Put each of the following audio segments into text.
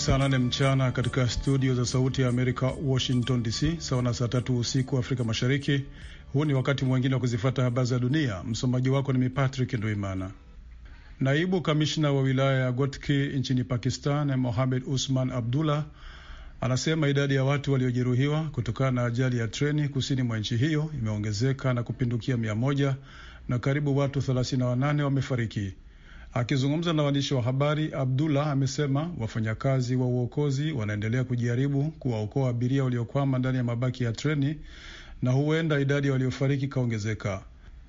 saa nane mchana katika studio za Sauti ya Amerika, Washington DC, sawa na saa tatu usiku Afrika Mashariki. Huu ni wakati mwingine wa kuzifata habari za dunia. Msomaji wako ni Patrick Nduimana. Naibu kamishna wa wilaya ya Gotki nchini Pakistan, Mohamed Usman Abdullah, anasema idadi ya watu waliojeruhiwa kutokana na ajali ya treni kusini mwa nchi hiyo imeongezeka na kupindukia mia moja na karibu watu 38 wamefariki. Akizungumza na waandishi wa habari, Abdullah amesema wafanyakazi wa uokozi wanaendelea kujaribu kuwaokoa abiria waliokwama ndani ya mabaki ya treni na huenda idadi ya waliofariki ikaongezeka.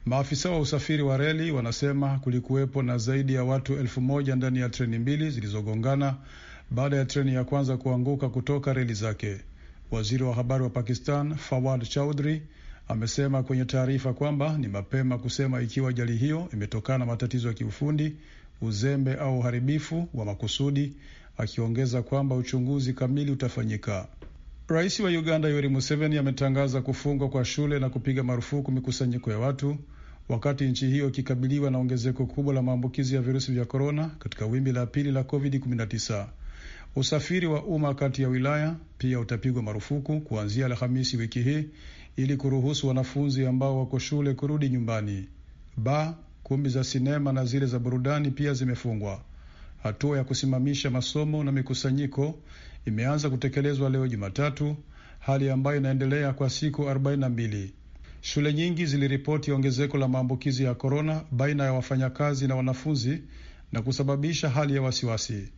Maafisa wa usafiri wa reli wanasema kulikuwepo na zaidi ya watu elfu moja ndani ya treni mbili zilizogongana baada ya treni ya kwanza kuanguka kutoka reli zake. Waziri wa habari wa Pakistan Fawad Chaudhry amesema kwenye taarifa kwamba ni mapema kusema ikiwa ajali hiyo imetokana na matatizo ya kiufundi, uzembe au uharibifu wa makusudi, akiongeza kwamba uchunguzi kamili utafanyika. Rais wa Uganda Yoweri Museveni ametangaza kufungwa kwa shule na kupiga marufuku mikusanyiko ya watu wakati nchi hiyo ikikabiliwa na ongezeko kubwa la maambukizi ya virusi vya korona katika wimbi la pili la COVID-19. Usafiri wa umma kati ya wilaya pia utapigwa marufuku kuanzia Alhamisi wiki hii ili kuruhusu wanafunzi ambao wako shule kurudi nyumbani. Ba kumbi za sinema na zile za burudani pia zimefungwa. Hatua ya kusimamisha masomo na mikusanyiko imeanza kutekelezwa leo Jumatatu, hali ambayo inaendelea kwa siku 42. Shule nyingi ziliripoti ongezeko la maambukizi ya korona baina ya wafanyakazi na wanafunzi na kusababisha hali ya wasiwasi.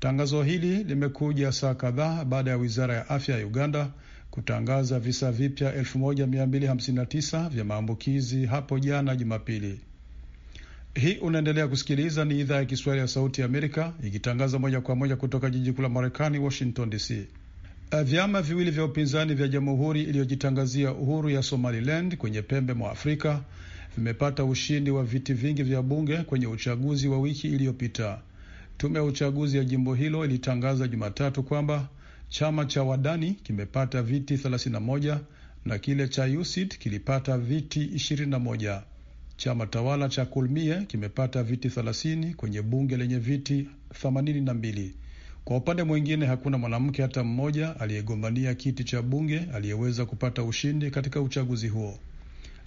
Tangazo hili limekuja saa kadhaa baada ya wizara ya afya ya Uganda kutangaza visa vipya 1259 vya maambukizi hapo jana Jumapili. Hii unaendelea kusikiliza, ni idhaa ya Kiswahili ya Sauti ya Amerika ikitangaza moja kwa moja kutoka jiji kuu la Marekani, Washington DC. E, vyama viwili vya upinzani vya jamhuri iliyojitangazia uhuru ya Somaliland kwenye pembe mwa Afrika vimepata ushindi wa viti vingi vya bunge kwenye uchaguzi wa wiki iliyopita. Tume ya uchaguzi ya jimbo hilo ilitangaza Jumatatu kwamba Chama cha Wadani kimepata viti 31 na kile cha Yusid kilipata viti 21. Chama tawala cha Kulmie kimepata viti 30 kwenye bunge lenye viti 82. Kwa upande mwingine, hakuna mwanamke hata mmoja aliyegombania kiti cha bunge aliyeweza kupata ushindi katika uchaguzi huo.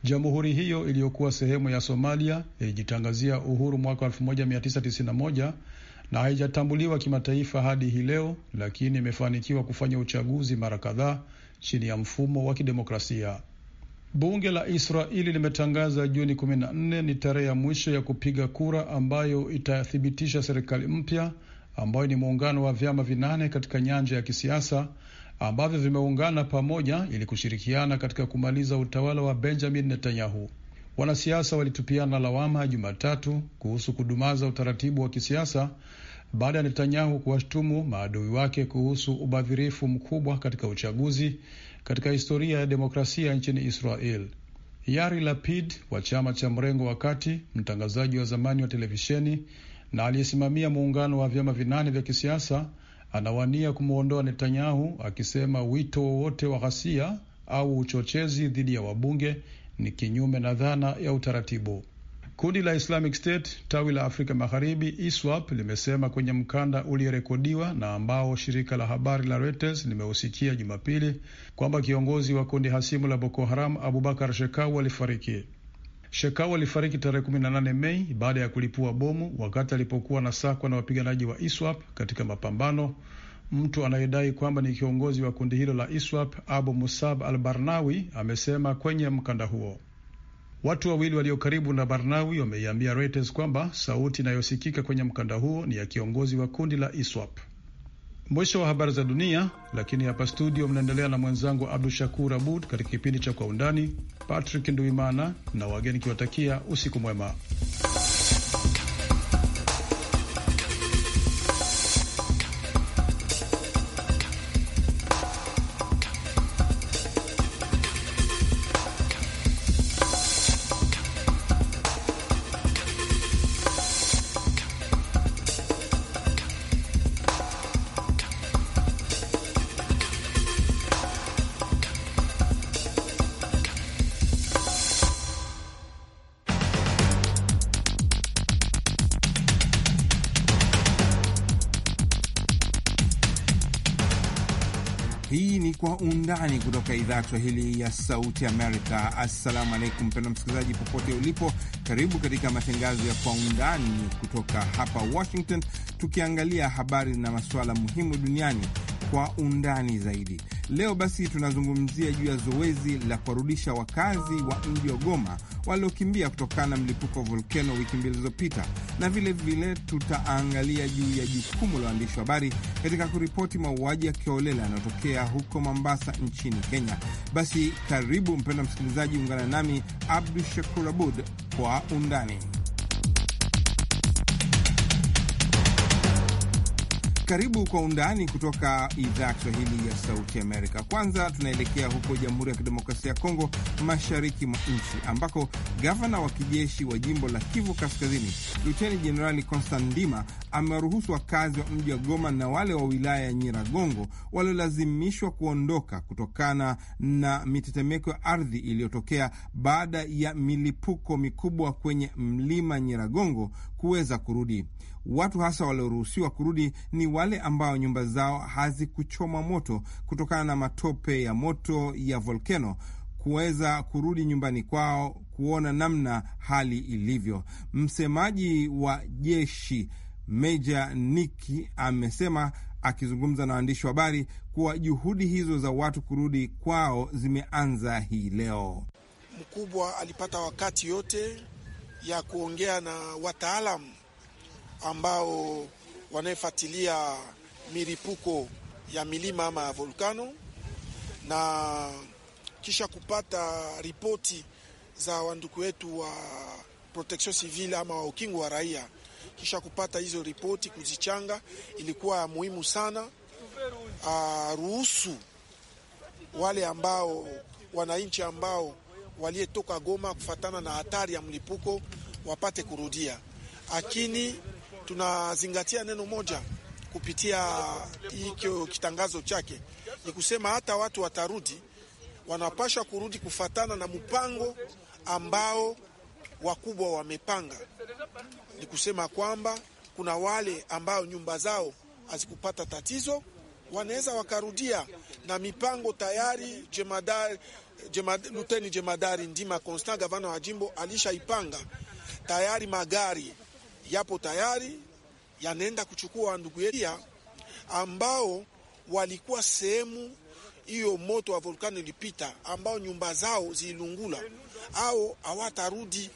Jamhuri hiyo iliyokuwa sehemu ya Somalia ilijitangazia uhuru mwaka 1991 na haijatambuliwa kimataifa hadi hii leo, lakini imefanikiwa kufanya uchaguzi mara kadhaa chini ya mfumo wa kidemokrasia. Bunge la Israeli limetangaza Juni 14 ni tarehe ya mwisho ya kupiga kura ambayo itathibitisha serikali mpya ambayo ni muungano wa vyama vinane katika nyanja ya kisiasa ambavyo vimeungana pamoja ili kushirikiana katika kumaliza utawala wa Benjamin Netanyahu. Wanasiasa walitupiana lawama Jumatatu kuhusu kudumaza utaratibu wa kisiasa baada ya Netanyahu kuwashtumu maadui wake kuhusu ubadhirifu mkubwa katika uchaguzi katika historia ya demokrasia nchini Israel. Yari Lapid wa chama cha mrengo wa kati, mtangazaji wa zamani wa televisheni na aliyesimamia muungano wa vyama vinane vya kisiasa, anawania kumwondoa Netanyahu, akisema wito wowote wa ghasia au uchochezi dhidi ya wabunge ni kinyume na dhana ya utaratibu. Kundi la Islamic State tawi la Afrika Magharibi ISWAP limesema kwenye mkanda uliorekodiwa na ambao shirika la habari la Reuters limehusikia Jumapili kwamba kiongozi wa kundi hasimu la Boko Haram Abubakar Shekau alifariki. Shekau alifariki tarehe 18 Mei baada ya kulipua bomu wakati alipokuwa na sakwa na wapiganaji wa ISWAP katika mapambano Mtu anayedai kwamba ni kiongozi wa kundi hilo la ISWAP Abu Musab al Barnawi amesema kwenye mkanda huo. Watu wawili walio karibu na Barnawi wameiambia Reuters kwamba sauti inayosikika kwenye mkanda huo ni ya kiongozi wa kundi la ISWAP. Mwisho wa habari za dunia, lakini hapa studio mnaendelea na mwenzangu Abdu Shakur Abud katika kipindi cha Kwa Undani. Patrick Nduimana na wageni kiwatakia usiku mwema. undani kutoka idhaa ya Kiswahili ya Sauti Amerika. Assalamu alaikum, mpendwa msikilizaji popote ulipo, karibu katika matangazo ya Kwa Undani kutoka hapa Washington, tukiangalia habari na masuala muhimu duniani kwa undani zaidi. Leo basi tunazungumzia juu ya zoezi la kuwarudisha wakazi wa mji wa Goma waliokimbia kutokana na mlipuko wa volkeno wiki mbili zilizopita, na vilevile tutaangalia juu ya jukumu la waandishi wa habari katika kuripoti mauaji ya kiholela yanayotokea huko Mombasa nchini Kenya. Basi karibu mpendo msikilizaji, ungana nami Abdu Shakur Abud kwa undani. Karibu kwa undani kutoka idhaa ya Kiswahili ya Sauti Amerika. Kwanza tunaelekea huko Jamhuri ya Kidemokrasia ya Kongo, mashariki mwa nchi ambako gavana wa kijeshi wa jimbo la Kivu Kaskazini, Luteni Jenerali Constant Ndima amewaruhusu wakazi wa mji wa Goma na wale wa wilaya ya Nyiragongo waliolazimishwa kuondoka kutokana na mitetemeko ya ardhi iliyotokea baada ya milipuko mikubwa kwenye mlima Nyiragongo kuweza kurudi. Watu hasa walioruhusiwa kurudi ni wale ambao nyumba zao hazikuchoma moto kutokana na matope ya moto ya volkeno kuweza kurudi nyumbani kwao kuona namna hali ilivyo. Msemaji wa jeshi Meja Niki amesema akizungumza na waandishi wa habari kuwa juhudi hizo za watu kurudi kwao zimeanza hii leo. Mkubwa alipata wakati yote ya kuongea na wataalamu ambao wanaefuatilia miripuko ya milima ama ya volkano na kisha kupata ripoti za wanduku wetu wa protection civile ama wa ukingo wa raia. Kisha kupata hizo ripoti kuzichanga, ilikuwa ya muhimu sana. Uh, ruhusu wale ambao wananchi ambao waliyetoka Goma kufatana na hatari ya mlipuko wapate kurudia, lakini tunazingatia neno moja kupitia hicho kitangazo chake ni kusema hata watu watarudi, wanapashwa kurudi kufatana na mpango ambao wakubwa wamepanga. Ni kusema kwamba kuna wale ambao nyumba zao hazikupata tatizo, wanaweza wakarudia na mipango tayari jemadari luteni jemadari Ndima Constant, gavana wa jimbo, alishaipanga tayari, magari yapo tayari yanaenda kuchukua ndugu yetu ambao walikuwa sehemu hiyo moto wa volkano ilipita, ambao nyumba zao zilungula au hawatarudi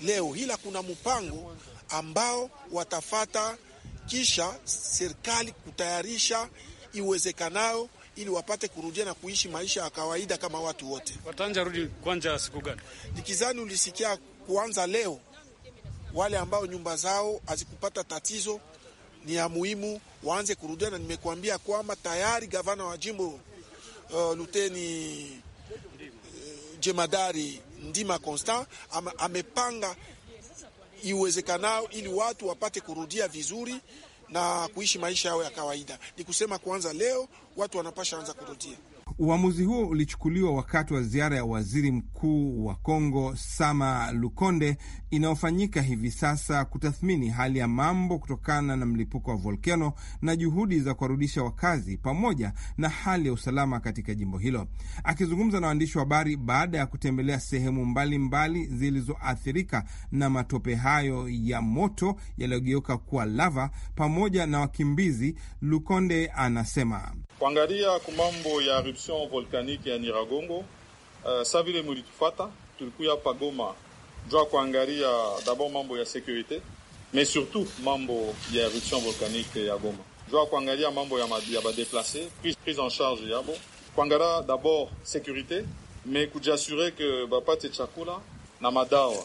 leo, ila kuna mpango ambao watafata kisha serikali kutayarisha iwezekanayo ili wapate kurudia na kuishi maisha ya kawaida kama watu wote. Watanja rudi kwanja siku gani? Nikizani ulisikia kuanza leo. Wale ambao nyumba zao hazikupata tatizo ni ya muhimu waanze kurudia, na nimekuambia kwamba tayari gavana wa jimbo uh, luteni uh, jemadari Ndima Constant amepanga iwezekanao ili watu wapate kurudia vizuri na kuishi maisha yao ya kawaida. Ni kusema kwanza leo watu wanapasha anza kurudia Uamuzi huo ulichukuliwa wakati wa ziara ya waziri mkuu wa Kongo Sama Lukonde inayofanyika hivi sasa kutathmini hali ya mambo kutokana na mlipuko wa volkano na juhudi za kuwarudisha wakazi pamoja na hali ya usalama katika jimbo hilo. Akizungumza na waandishi wa habari baada ya kutembelea sehemu mbalimbali zilizoathirika na matope hayo ya moto yaliyogeuka kuwa lava pamoja na wakimbizi, Lukonde anasema Kuangalia kumambo ya eruption volcanique ya Nyiragongo, uh, sa vile mulitufata tulikuya pa Goma jua kuangalia d'abord mambo ya sécurité, mais surtout mambo ya eruption volcanique ya Goma, jua kuangalia mambo ya, ya badeplace prise, prise en charge yabo, kuangalia d'abord sécurité, mais kujiasure ke bapate chakula na madawa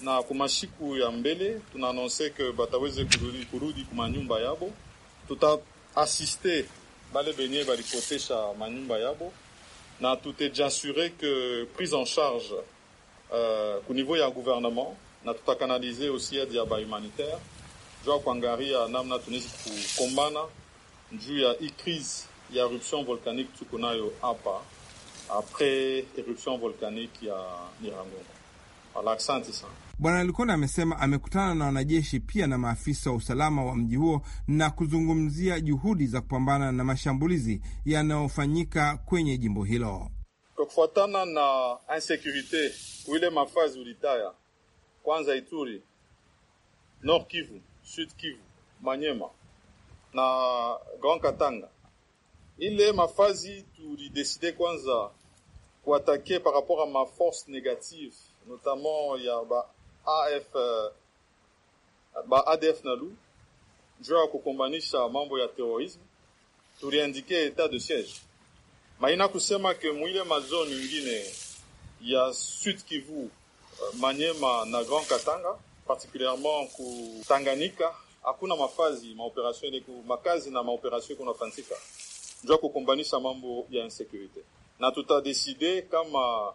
na kumashiku ya mbele tunaanonse ke bataweze kurudi, kurudi kumanyumba yabo, tuta asiste bale benye balipotesha Manimba yabo na assuré que prise en charge euh, au niveau ya gouvernement na canalisé aussi aide ya bahumanitaire juu ya kuangaria namna pour kukombana juu ya hii crise ya éruption volcanique tuko nayo Apa après éruption volcanique ya Nyiragongo. l'accent asante sana. Bwana Lukonde amesema amekutana na wanajeshi pia na maafisa wa usalama wa mji huo na kuzungumzia juhudi za kupambana na mashambulizi yanayofanyika kwenye jimbo hilo. Kwa kufuatana na insecurite kuile mafazi ulitaya kwanza, Ituri, Nord Kivu, Sud Kivu, Manyema na Grand Katanga, ile mafazi tulideside kwanza kuatake par rapport a maforce negative notamment ya ba AF, euh, ba ADF Nalu juu ya kukumbanisha mambo ya terorisme, tuliandikia etat de siège maina kusema ke mwile mazoni mingine ya Sud Kivu, euh, Manyema na Grand Katanga, particulièrement ku Tanganyika, hakuna mafazi maoperation ile makazi na maoperation kunafanyika juu ya kukumbanisha mambo ya insécurité. na tutadeside kama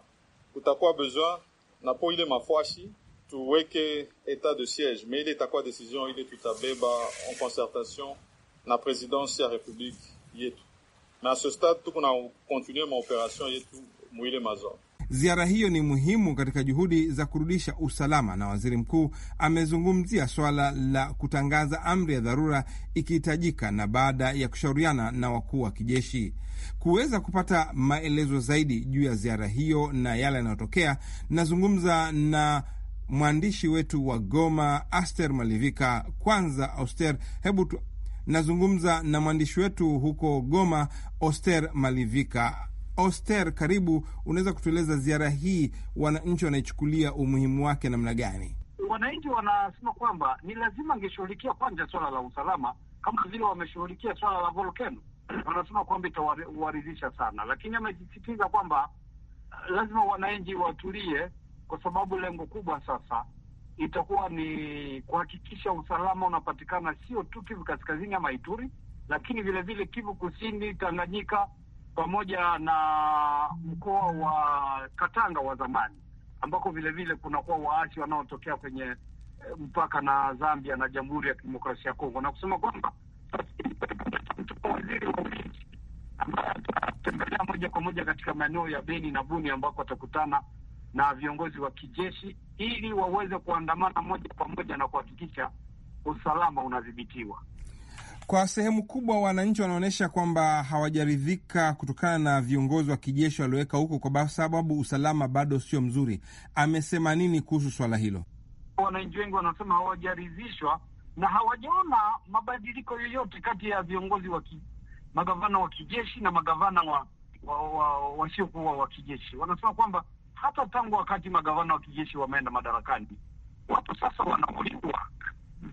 kutakuwa besoin na po ile mafashi tuweke état de siège, mais il est à quoi décision Il est tout à Beba en concertation la présidence de la République yetu, Mais à ce stade tout qu'on tuko na continue maoperation yetu mouille mazor. Ziara hiyo ni muhimu katika juhudi za kurudisha usalama, na waziri mkuu amezungumzia swala la kutangaza amri ya dharura ikihitajika, na baada ya kushauriana na wakuu wa kijeshi. Kuweza kupata maelezo zaidi juu ya ziara hiyo na yale yanayotokea, nazungumza na mwandishi wetu wa Goma, Aster Malivika. Kwanza Auster, hebu tu... nazungumza na mwandishi wetu huko Goma, Oster Malivika. Oster, karibu. Unaweza kutueleza ziara hii, wananchi wanaichukulia umuhimu wake namna gani? Wananchi wanasema kwamba ni lazima angeshughulikia kwanza swala la usalama kama vile wameshughulikia swala la volkeno. Wanasema kwamba itawaridhisha sana, lakini amesisitiza kwamba eh, lazima wananchi watulie kwa sababu lengo kubwa sasa itakuwa ni kuhakikisha usalama unapatikana sio tu Kivu Kaskazini ama Ituri, lakini vilevile Kivu Kusini, Tanganyika pamoja na mkoa wa Katanga wa zamani ambako vilevile kunakuwa waasi wanaotokea kwenye eh, mpaka na Zambia na Jamhuri ya Kidemokrasia ya Kongo, na kusema kwamba waziri wa ulinzi ambaye atatembelea moja kwa moja katika maeneo ya Beni na Buni ambako atakutana na viongozi wa kijeshi ili waweze kuandamana moja kwa moja na kuhakikisha usalama unadhibitiwa. Kwa sehemu kubwa wananchi wanaonyesha kwamba hawajaridhika kutokana na viongozi wa kijeshi walioweka huko, kwa sababu usalama bado sio mzuri. Amesema nini kuhusu swala hilo? Wananchi wengi wanasema hawajaridhishwa na hawajaona mabadiliko yoyote kati ya viongozi wa ki, magavana wa kijeshi na magavana wa wasiokuwa wa, wa, wa kijeshi. Wanasema kwamba hata tangu wakati magavana wa kijeshi wameenda madarakani, watu sasa wanauliwa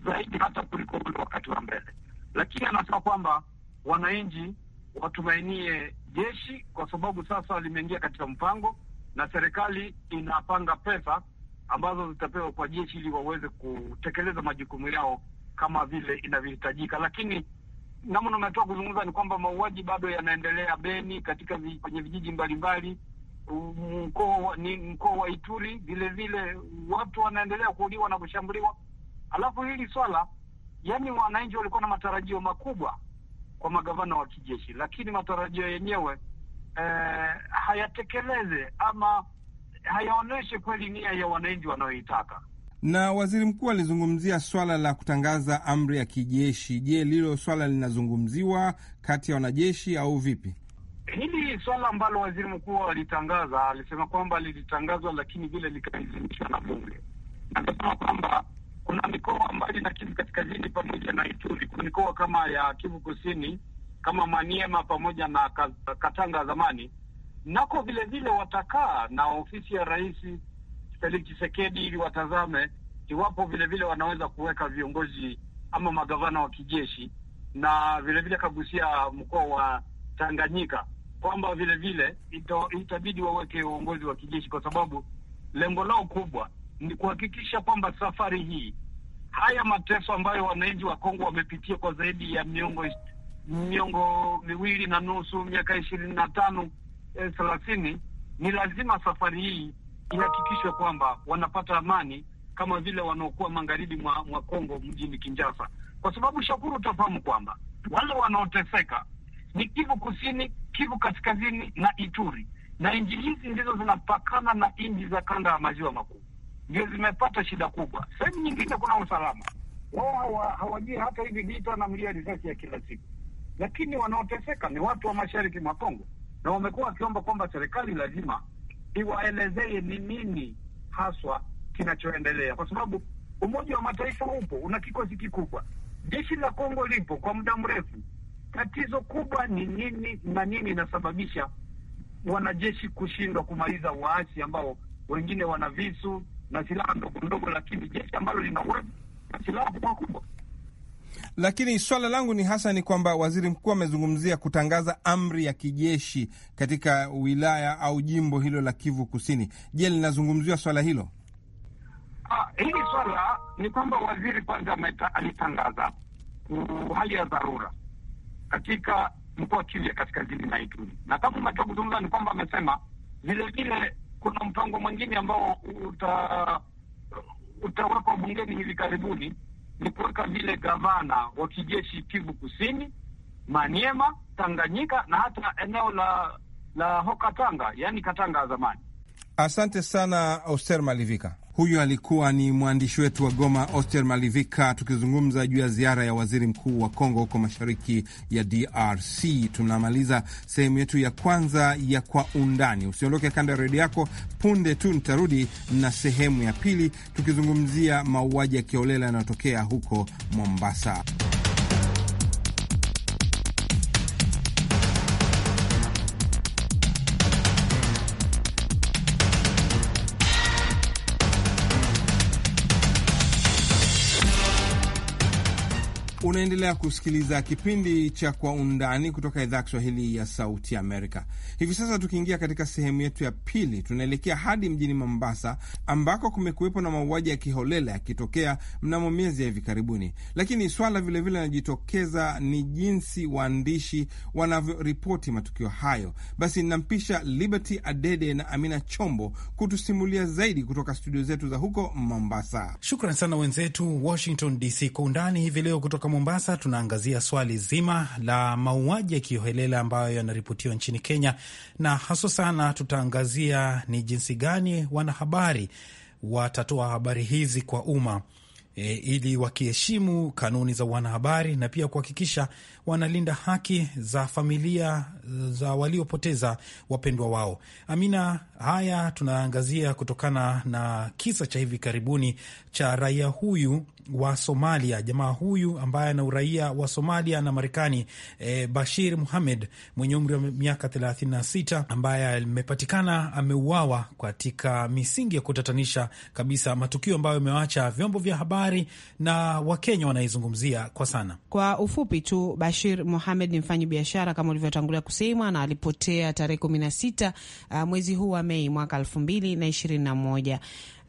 zaidi hata kuliko ule wakati wa mbele. Lakini anasema kwamba wananchi watumainie jeshi kwa sababu sasa limeingia katika mpango na serikali inapanga pesa ambazo zitapewa kwa jeshi ili waweze kutekeleza majukumu yao kama vile inavyohitajika. Lakini namna umetoka kuzungumza ni kwamba mauaji bado yanaendelea Beni, katika kwenye vijiji mbalimbali mbali mkoa ni mkoa wa Ituri vilevile, watu wanaendelea kuuliwa na kushambuliwa. Alafu hili swala, yani wananchi walikuwa na matarajio makubwa kwa magavana wa kijeshi, lakini matarajio yenyewe eh, hayatekeleze ama hayaonyeshe kweli nia ya wananchi wanayoitaka. Na waziri mkuu alizungumzia swala la kutangaza amri ya kijeshi. Je, lilo swala linazungumziwa kati ya wanajeshi au vipi? Hili swala ambalo waziri mkuu alitangaza, alisema kwamba lilitangazwa lakini vile likaidhinishwa na bunge. Anasema kwamba kuna mikoa mbali na Kivu kaskazini pamoja na Ituri, kuna mikoa kama ya Kivu kusini kama Maniema pamoja na Katanga zamani, nako vilevile watakaa na ofisi ya rais Felix Tshisekedi ili watazame iwapo vilevile wanaweza kuweka viongozi ama magavana wa kijeshi, na vilevile kagusia mkoa wa Tanganyika kwamba vile vile ito, itabidi waweke uongozi wa kijeshi, kwa sababu lengo lao kubwa ni kuhakikisha kwamba safari hii haya mateso ambayo wananchi wa Kongo wamepitia kwa zaidi ya miongo miongo miwili na nusu, miaka ishirini na tano eh, thelathini, ni lazima safari hii ihakikishwe kwamba wanapata amani kama vile wanaokuwa magharibi mwa, mwa Kongo mjini Kinshasa, kwa sababu Shakuru, utafahamu kwamba wale wanaoteseka ni Kivu Kusini Kivu Kaskazini na Ituri, na nchi hizi ndizo zinapakana na nchi za kanda ya maziwa makuu, ndio zimepata shida kubwa. Sehemu nyingine kuna usalama wao, hawajui hata hivi vita na mlia risasi ya kila siku, lakini wanaoteseka ni watu wa mashariki mwa Kongo, na wamekuwa wakiomba kwamba serikali lazima iwaelezee ni nini haswa kinachoendelea, kwa sababu Umoja wa Mataifa upo, una kikosi kikubwa, jeshi la Kongo lipo kwa muda mrefu tatizo kubwa ni nini na nini inasababisha wanajeshi kushindwa kumaliza waasi ambao wengine wana visu na silaha ndogo ndogo, lakini jeshi ambalo lina uwezo na silaha kubwa kubwa. Lakini swala langu ni hasa ni kwamba waziri mkuu amezungumzia kutangaza amri ya kijeshi katika wilaya au jimbo hilo la Kivu Kusini. Je, linazungumziwa swala hilo? Ah, hili swala ni kwamba waziri kwanza alitangaza mm, hali ya dharura katika mkoa wa Kivu ya kaskazini na Ituri. Na kama unachozungumza ni kwamba amesema vilevile kuna mpango mwingine ambao uta utawekwa bungeni hivi karibuni ni kuweka vile gavana wa kijeshi Kivu Kusini, Maniema, Tanganyika na hata eneo la la Hoka Tanga, yaani Katanga ya zamani. Asante sana Oster Malivika. Huyu alikuwa ni mwandishi wetu wa Goma, Oster Malivika, tukizungumza juu ya ziara ya waziri mkuu wa Kongo huko mashariki ya DRC. Tunamaliza sehemu yetu ya kwanza ya Kwa Undani. Usiondoke kando ya redio yako, punde tu nitarudi na sehemu ya pili, tukizungumzia mauaji ya kiolela yanayotokea huko Mombasa. Unaendelea kusikiliza kipindi cha Kwa Undani kutoka idhaa ya Kiswahili ya Sauti Amerika. Hivi sasa tukiingia katika sehemu yetu ya pili, tunaelekea hadi mjini Mombasa ambako kumekuwepo na mauaji ya kiholela yakitokea mnamo miezi ya hivi karibuni, lakini swala vilevile linajitokeza ni jinsi waandishi wanavyoripoti matukio hayo. Basi nampisha Liberty Adede na Amina Chombo kutusimulia zaidi kutoka studio zetu za huko Mombasa. Shukran sana wenzetu Washington DC. Kwa Undani hivi leo kutoka Mombasa tunaangazia swali zima la mauaji ya kiholela ambayo yanaripotiwa nchini Kenya, na haswa sana tutaangazia ni jinsi gani wanahabari watatoa habari hizi kwa umma e, ili wakiheshimu kanuni za wanahabari na pia kuhakikisha wanalinda haki za familia za waliopoteza wapendwa wao. Amina, haya tunaangazia kutokana na kisa cha hivi karibuni cha raia huyu wa Somalia. Jamaa huyu ambaye ana uraia wa Somalia na Marekani e, Bashir Muhamed mwenye umri wa miaka 36 ambaye amepatikana ameuawa katika misingi ya kutatanisha kabisa, matukio ambayo yamewacha vyombo vya habari na Wakenya wanaizungumzia kwa sana. Kwa ufupi tu, Bashir Muhamed ni mfanyi biashara kama ulivyotangulia kusema, na alipotea tarehe 16 ah, mwezi huu wa Mei mwaka 2021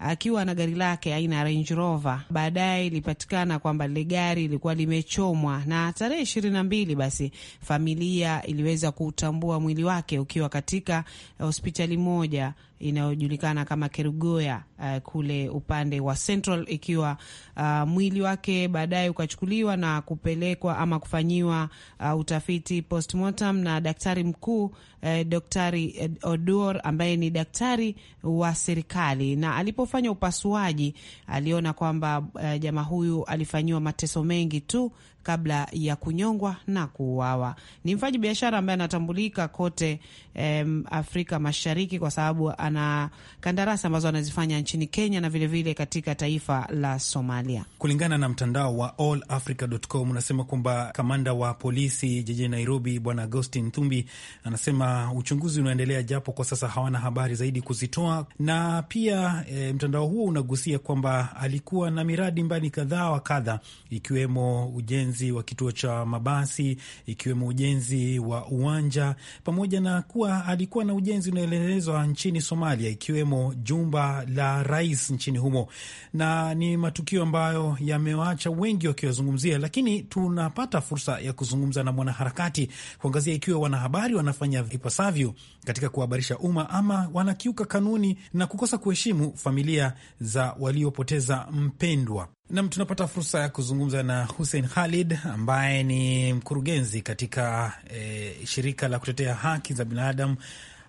akiwa na gari lake aina ya Range Rover. Baadaye ilipatikana kwamba lile gari lilikuwa limechomwa, na tarehe ishirini na mbili basi familia iliweza kuutambua mwili wake ukiwa katika hospitali moja inayojulikana kama Kerugoya uh, kule upande wa Central, ikiwa uh, mwili wake baadaye ukachukuliwa na kupelekwa ama kufanyiwa uh, utafiti postmortem na daktari mkuu uh, Daktari eh, Oduor ambaye ni daktari wa serikali, na alipofanya upasuaji aliona kwamba uh, jamaa huyu alifanyiwa mateso mengi tu kabla ya kunyongwa na kuuawa. Ni mfanyabiashara ambaye anatambulika kote eh, Afrika Mashariki kwa sababu na kandarasi ambazo wanazifanya nchini Kenya na vilevile vile katika taifa la Somalia. Kulingana na mtandao wa allafrica.com unasema kwamba kamanda wa polisi jijini Nairobi Bwana Agostin Thumbi anasema uchunguzi unaendelea, japo kwa sasa hawana habari zaidi kuzitoa. Na pia e, mtandao huo unagusia kwamba alikuwa na miradi mbali kadhaa wa kadha, ikiwemo ujenzi wa kituo cha mabasi, ikiwemo ujenzi wa uwanja, pamoja na kuwa alikuwa na ujenzi unaelezwa nchini Somalia Somalia, ikiwemo jumba la rais nchini humo, na ni matukio ambayo yamewacha wengi wakiwazungumzia, lakini tunapata fursa ya kuzungumza na mwanaharakati kuangazia ikiwa wanahabari wanafanya ipasavyo katika kuhabarisha umma ama wanakiuka kanuni na kukosa kuheshimu familia za waliopoteza mpendwa. Nam, tunapata fursa ya kuzungumza na Hussein Khalid ambaye ni mkurugenzi katika e, shirika la kutetea haki za binadamu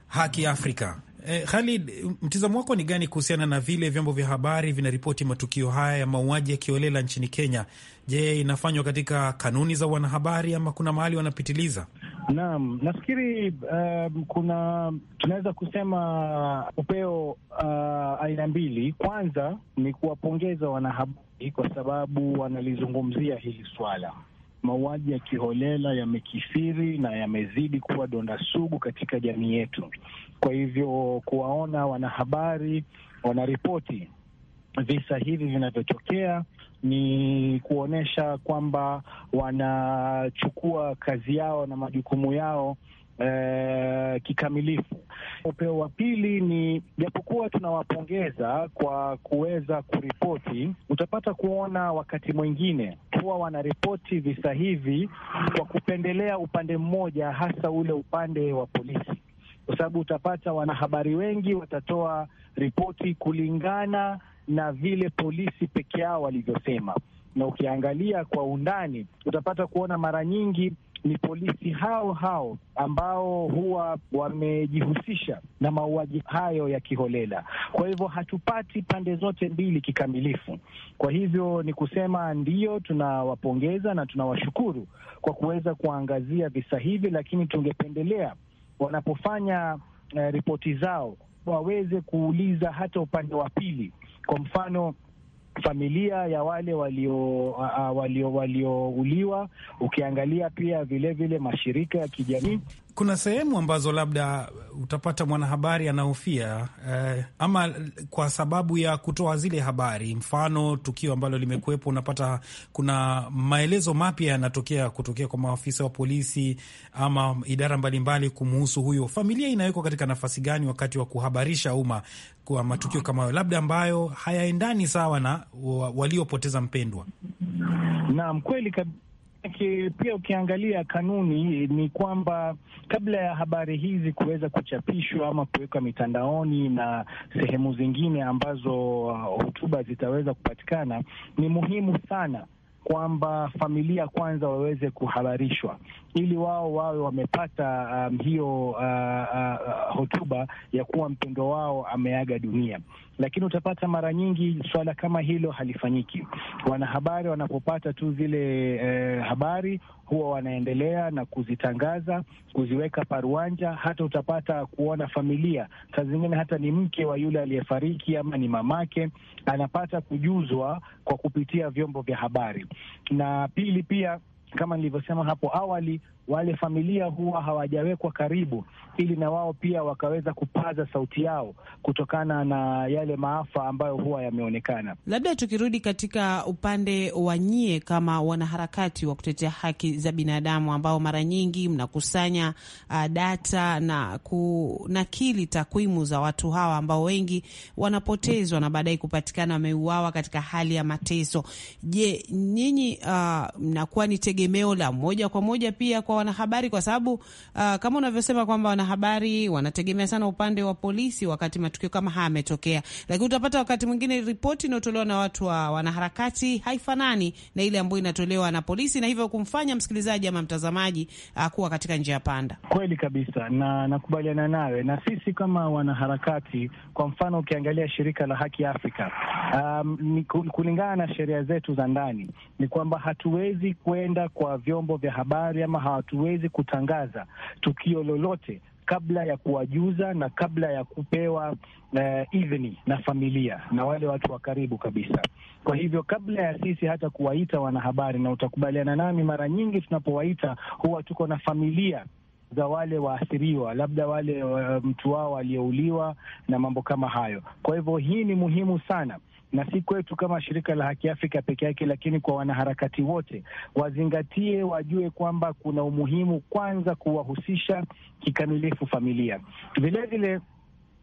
Haki Afrika. Eh, Khalid, mtizamo wako ni gani kuhusiana na vile vyombo vya habari vinaripoti matukio haya ya mauaji ya kiolela nchini Kenya? Je, inafanywa katika kanuni za wanahabari ama kuna mahali wanapitiliza? Naam, nafikiri um, kuna tunaweza kusema upeo uh, aina mbili. Kwanza ni kuwapongeza wanahabari kwa sababu wanalizungumzia hili swala mauaji ya kiholela yamekithiri na yamezidi kuwa donda sugu katika jamii yetu. Kwa hivyo kuwaona wanahabari wanaripoti visa hivi vinavyotokea ni kuonyesha kwamba wanachukua kazi yao na majukumu yao eh, kikamilifu. Upeo wa pili ni japokuwa tunawapongeza kwa kuweza kuripoti, utapata kuona wakati mwingine huwa wanaripoti visa hivi kwa kupendelea upande mmoja, hasa ule upande wa polisi kwa sababu utapata wanahabari wengi watatoa ripoti kulingana na vile polisi peke yao walivyosema, na ukiangalia kwa undani utapata kuona mara nyingi ni polisi hao hao ambao huwa wamejihusisha na mauaji hayo ya kiholela. Kwa hivyo hatupati pande zote mbili kikamilifu. Kwa hivyo ni kusema ndiyo, tunawapongeza na tunawashukuru kwa kuweza kuangazia visa hivi, lakini tungependelea wanapofanya uh, ripoti zao waweze kuuliza hata upande wa pili, kwa mfano familia ya wale waliouliwa, uh, walio, walio ukiangalia pia vilevile vile mashirika ya kijamii kuna sehemu ambazo labda utapata mwanahabari anahofia eh, ama kwa sababu ya kutoa zile habari, mfano tukio ambalo limekuwepo, unapata kuna maelezo mapya yanatokea kutokea kwa maafisa wa polisi ama idara mbalimbali kumuhusu huyo. Familia inawekwa katika nafasi gani wakati wa kuhabarisha umma kwa matukio kama hayo, labda ambayo hayaendani sawa na waliopoteza mpendwa? Naam, kweli kabisa ki, pia ukiangalia kanuni ni kwamba kabla ya habari hizi kuweza kuchapishwa ama kuwekwa mitandaoni na sehemu zingine ambazo uh, hotuba zitaweza kupatikana, ni muhimu sana kwamba familia kwanza waweze kuhabarishwa ili wao wawe wamepata um, hiyo uh, uh, uh hotuba ya kuwa mpendo wao ameaga dunia lakini utapata mara nyingi swala kama hilo halifanyiki. Wanahabari wanapopata tu zile eh, habari huwa wanaendelea na kuzitangaza, kuziweka paruanja. Hata utapata kuona familia saa zingine, hata ni mke wa yule aliyefariki ama ni mamake, anapata kujuzwa kwa kupitia vyombo vya habari. Na pili pia kama nilivyosema hapo awali, wale familia huwa hawajawekwa karibu, ili na wao pia wakaweza kupaza sauti yao kutokana na yale maafa ambayo huwa yameonekana. Labda tukirudi katika upande wa nyie kama wanaharakati wa kutetea haki za binadamu, ambao mara nyingi mnakusanya uh, data na kunakili takwimu za watu hawa ambao wengi wanapotezwa na baadaye kupatikana wameuawa katika hali ya mateso. Je, nyinyi uh, mnakuwa ni tegemeo la moja kwa moja pia kwa kwa wanahabari, kwa sababu uh, kama unavyosema kwamba wanahabari wanategemea sana upande wa polisi wakati matukio kama haya yametokea, lakini utapata wakati mwingine ripoti inayotolewa na watu wa wanaharakati haifanani na ile ambayo inatolewa na polisi, na hivyo kumfanya msikilizaji ama mtazamaji uh, kuwa katika njia panda. Kweli kabisa, na nakubaliana nawe, na sisi kama wanaharakati, kwa mfano ukiangalia shirika la Haki Afrika, um, kulingana na sheria zetu za ndani ni kwamba hatuwezi kwenda kwa vyombo vya habari ama hatuwezi kutangaza tukio lolote kabla ya kuwajuza na kabla ya kupewa uh, idhini na familia na wale watu wa karibu kabisa. Kwa hivyo kabla ya sisi hata kuwaita wanahabari, na utakubaliana nami, mara nyingi tunapowaita huwa tuko na familia za wale waathiriwa, labda wale uh, mtu wao aliyeuliwa na mambo kama hayo. Kwa hivyo hii ni muhimu sana na si kwetu kama shirika la Haki Afrika peke yake, lakini kwa wanaharakati wote wazingatie, wajue kwamba kuna umuhimu kwanza kuwahusisha kikamilifu familia. Vilevile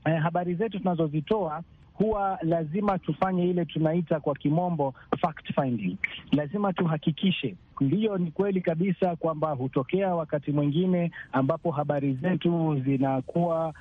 eh, habari zetu tunazozitoa huwa lazima tufanye ile tunaita kwa kimombo fact finding. Lazima tuhakikishe ndiyo, ni kweli kabisa kwamba hutokea wakati mwingine ambapo habari zetu zinakuwa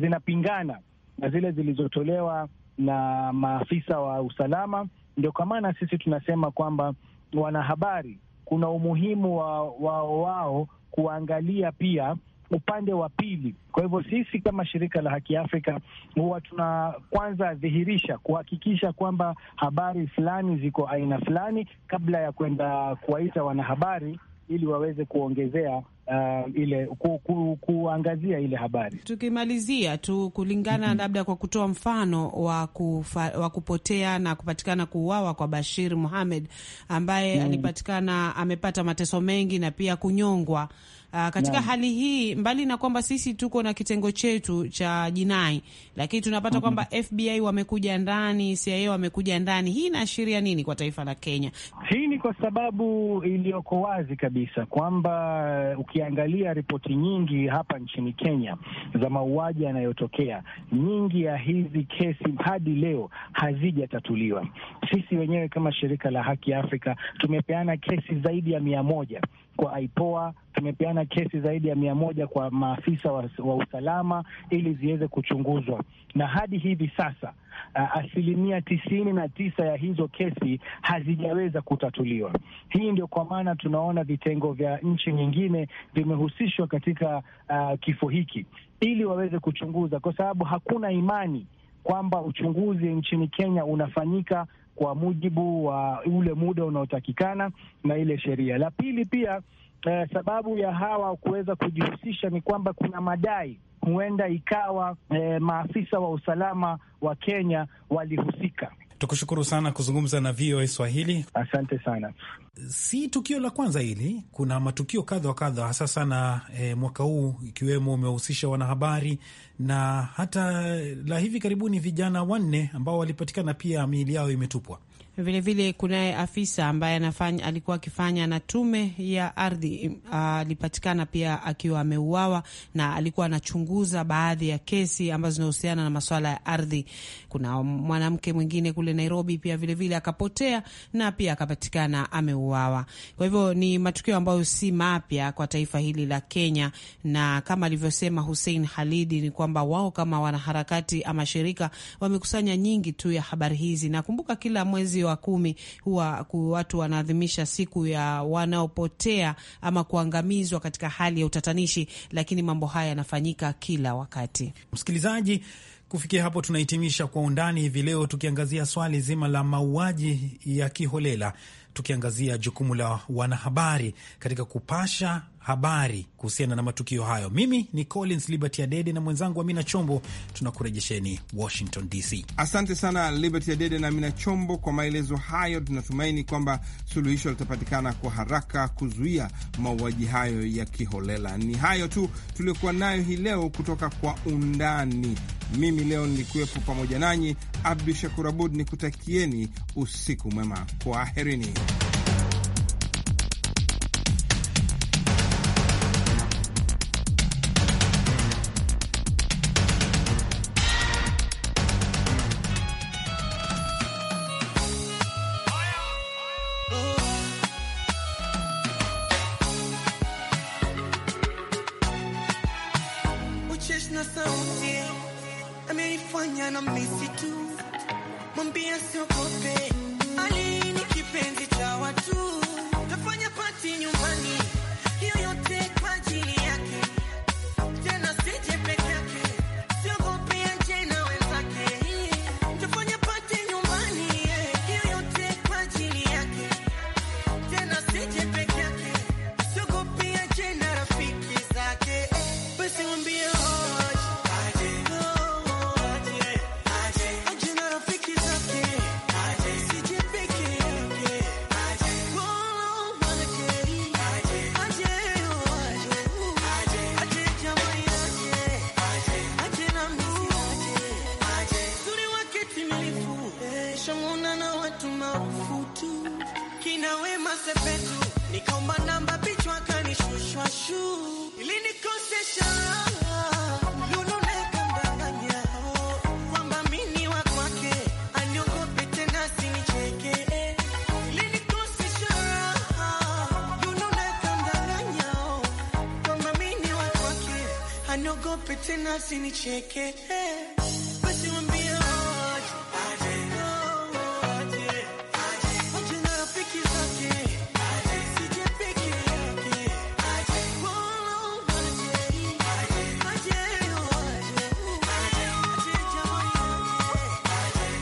zinapingana zina na zile zilizotolewa na maafisa wa usalama. Ndio kwa maana sisi tunasema kwamba wanahabari, kuna umuhimu wa wao wao kuangalia pia upande wa pili. Kwa hivyo sisi kama shirika la Haki Afrika huwa tuna kwanza dhihirisha kuhakikisha kwamba habari fulani ziko aina fulani kabla ya kwenda kuwaita wanahabari ili waweze kuongezea uh, ile ku, ku, kuangazia ile habari. Tukimalizia tu kulingana mm -hmm. labda kwa kutoa mfano wa, kufa, wa kupotea na kupatikana kuuawa kwa Bashir Muhamed ambaye mm. alipatikana amepata mateso mengi na pia kunyongwa. Uh, katika yeah. hali hii, mbali na kwamba sisi tuko na kitengo chetu cha jinai, lakini tunapata mm -hmm. kwamba FBI wamekuja ndani, CIA wamekuja ndani. Hii inaashiria nini kwa taifa la Kenya? Hii ni kwa sababu iliyoko wazi kabisa kwamba uh, ukiangalia ripoti nyingi hapa nchini Kenya za mauaji yanayotokea, nyingi ya hizi kesi hadi leo hazijatatuliwa. Sisi wenyewe kama shirika la Haki Afrika tumepeana kesi zaidi ya mia moja kwa IPOA. Tumepeana kesi zaidi ya mia moja kwa maafisa wa, wa usalama ili ziweze kuchunguzwa, na hadi hivi sasa uh, asilimia tisini na tisa ya hizo kesi hazijaweza kutatuliwa. Hii ndio kwa maana tunaona vitengo vya nchi nyingine vimehusishwa katika uh, kifo hiki ili waweze kuchunguza, kwa sababu hakuna imani kwamba uchunguzi nchini Kenya unafanyika kwa mujibu wa ule muda unaotakikana na ile sheria. La pili pia eh, sababu ya hawa kuweza kujihusisha ni kwamba kuna madai huenda ikawa eh, maafisa wa usalama wa Kenya walihusika Tukushukuru sana kuzungumza na VOA Swahili. Asante sana. Si tukio la kwanza hili, kuna matukio kadha wa kadha, hasa sana e, mwaka huu ikiwemo umehusisha wanahabari na hata la hivi karibuni vijana wanne ambao walipatikana pia miili yao imetupwa. Vilevile kunaye afisa ambaye anafanya alikuwa akifanya na tume ya ardhi, ah, alipatikana pia akiwa ameuawa, na alikuwa anachunguza baadhi ya kesi ambazo zinahusiana na masuala ya ardhi. Kuna mwanamke mwingine kule Nairobi pia vilevile vile akapotea na pia akapatikana ameuawa. Kwa hivyo ni matukio ambayo si mapya kwa taifa hili la Kenya, na kama alivyosema Hussein Halidi ni kwamba wao kama wanaharakati ama shirika wamekusanya nyingi tu ya habari hizi, na kumbuka kila mwezi mwezi wa kumi huwa watu wanaadhimisha siku ya wanaopotea ama kuangamizwa katika hali ya utatanishi, lakini mambo haya yanafanyika kila wakati. Msikilizaji, kufikia hapo tunahitimisha Kwa Undani hivi leo, tukiangazia swali zima la mauaji ya kiholela, tukiangazia jukumu la wanahabari katika kupasha habari kuhusiana na matukio hayo. Mimi ni Collins Liberty Adede na mwenzangu Amina Chombo, tunakurejesheni Washington DC. Asante sana Liberty Adede na Amina Chombo kwa maelezo hayo. Tunatumaini kwamba suluhisho litapatikana kwa haraka kuzuia mauaji hayo ya kiholela. Ni hayo tu tuliokuwa nayo hii leo kutoka kwa undani. Mimi leo nilikuwepo pamoja nanyi Abdu Shakur Abud, nikutakieni usiku mwema, kwaherini. basi nicheke